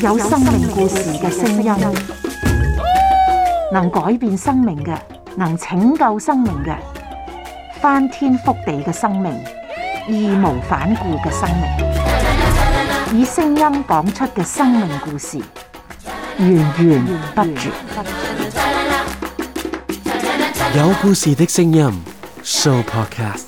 有生命故事嘅聲音，能改變生命嘅，能拯救生命嘅，翻天覆地嘅生命，義無反顧嘅生命，以聲音講出嘅生命故事，源源不絕。有故事嘅聲音，Show Podcast。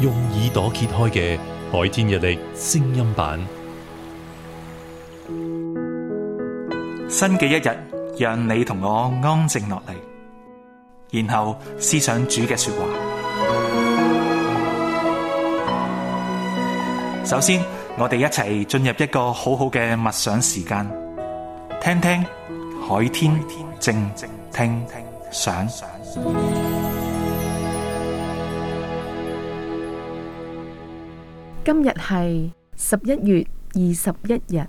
用耳朵揭開嘅海天日曆聲音版，新嘅一日，讓你同我安靜落嚟，然後思想主嘅說話。首先，我哋一齊進入一個好好嘅默想時間，聽聽海天靜靜聽想。今日係十一月二十一日。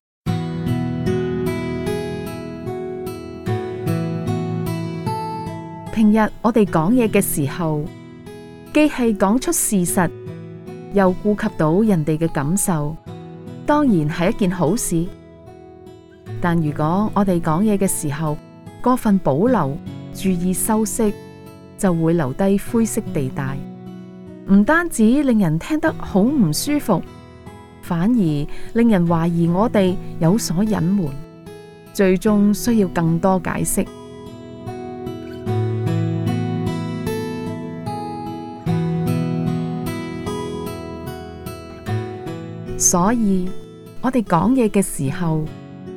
平日我哋講嘢嘅時候，既係講出事實，又顧及到人哋嘅感受，當然係一件好事。但如果我哋講嘢嘅時候過分保留、注意修飾，就會留低灰色地帶。唔單止令人聽得好唔舒服，反而令人懷疑我哋有所隱瞞，最終需要更多解釋。所以，我哋講嘢嘅時候，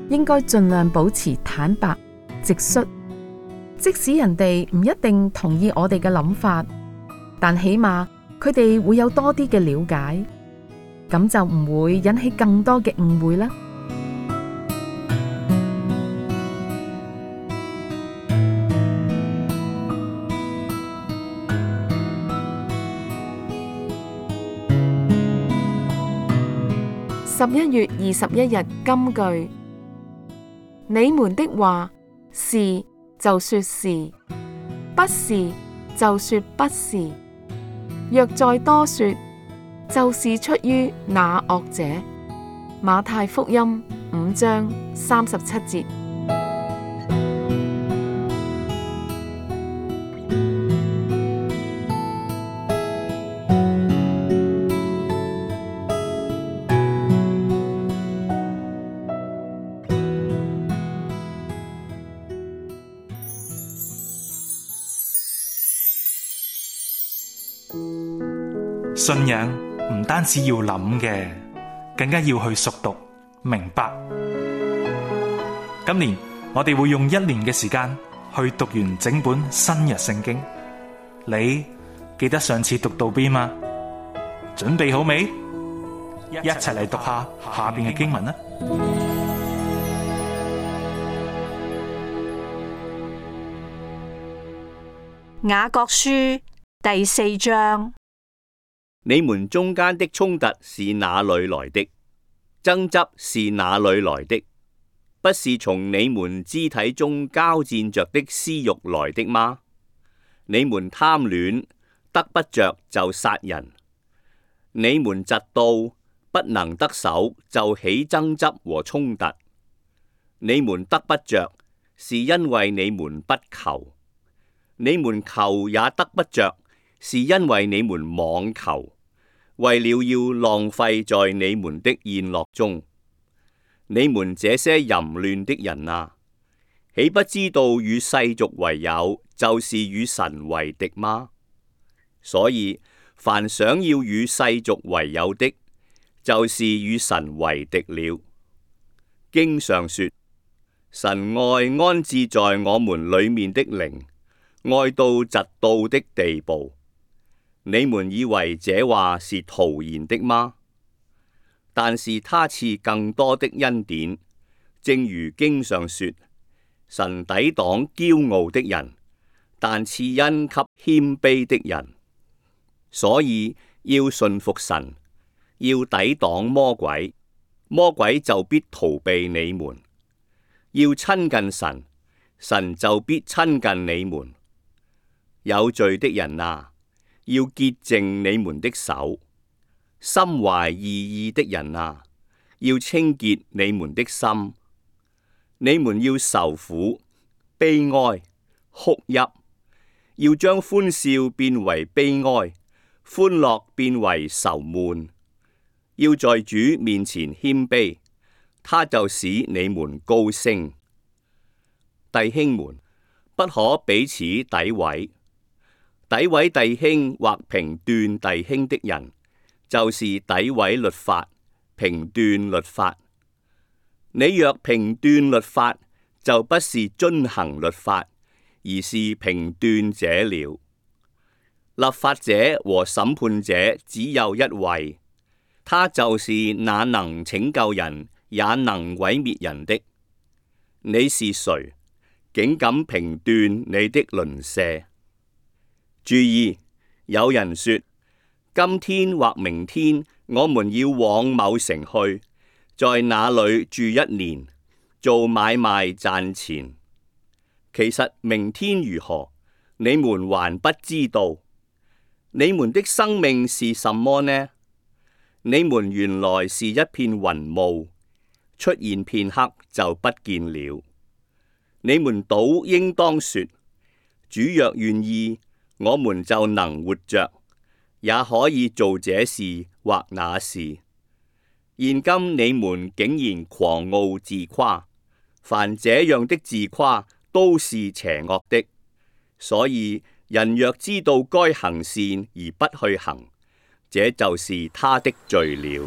應該盡量保持坦白、直率，即使人哋唔一定同意我哋嘅諗法，但起碼。佢哋會有多啲嘅了解，咁就唔會引起更多嘅誤會啦。十一月二十一日，金句：你們的話是就說是，不是就說不是。若再多說，就是出於那惡者。馬太福音五章三十七節。信仰唔單止要諗嘅，更加要去熟讀明白。今年我哋會用一年嘅時間去讀完整本新約聖經。你記得上次讀到邊嗎？準備好未？一齊嚟讀下下面嘅經文啦。雅各書第四章。你們中間的衝突是哪裏來的？爭執是哪裏來的？不是從你們肢體中交戰着的私欲來的嗎？你們貪戀得不着就殺人，你們嫉妒不能得手就起爭執和衝突。你們得不着，是因為你們不求；你們求也得不着，是因為你們妄求。為了要浪費在你們的宴樂中，你們這些淫亂的人啊，豈不知道與世俗為友，就是與神為敵嗎？所以，凡想要與世俗為友的，就是與神為敵了。經上說，神愛安置在我們裏面的靈，愛到嫉妒的地步。你們以為這話是徒然的嗎？但是他賜更多的恩典，正如經上說：神抵擋驕傲的人，但賜恩給謙卑的人。所以要順服神，要抵擋魔鬼，魔鬼就必逃避你們；要親近神，神就必親近你們。有罪的人啊！要潔淨你們的手，心懷二意的人啊，要清潔你們的心。你們要受苦、悲哀、哭泣，要將歡笑變為悲哀，歡樂變為愁悶。要在主面前謙卑，他就使你們高升。弟兄們，不可彼此詆毀。詆毀弟兄或評斷弟兄的人，就是詆毀律法，評斷律法。你若評斷律法，就不是遵行律法，而是評斷者了。立法者和審判者只有一位，他就是那能拯救人，也能毀滅人的。你是誰，竟敢評斷你的鄰舍？注意，有人說今天或明天我們要往某城去，在那裏住一年做買賣賺錢。其實明天如何，你們還不知道。你們的生命是什麼呢？你們原來是一片雲霧，出現片刻就不見了。你們倒應當說：主若願意。我們就能活着，也可以做這事或那事。現今你們竟然狂傲自誇，凡這樣的自誇都是邪惡的。所以人若知道該行善而不去行，這就是他的罪了。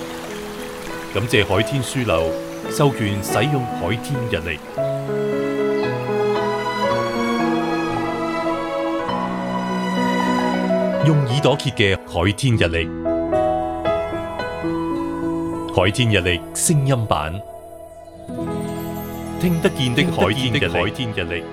感謝海天書樓授權使用海天日曆，用耳朵揭嘅海天日曆，海天日曆聲音版，聽得見的海天日曆。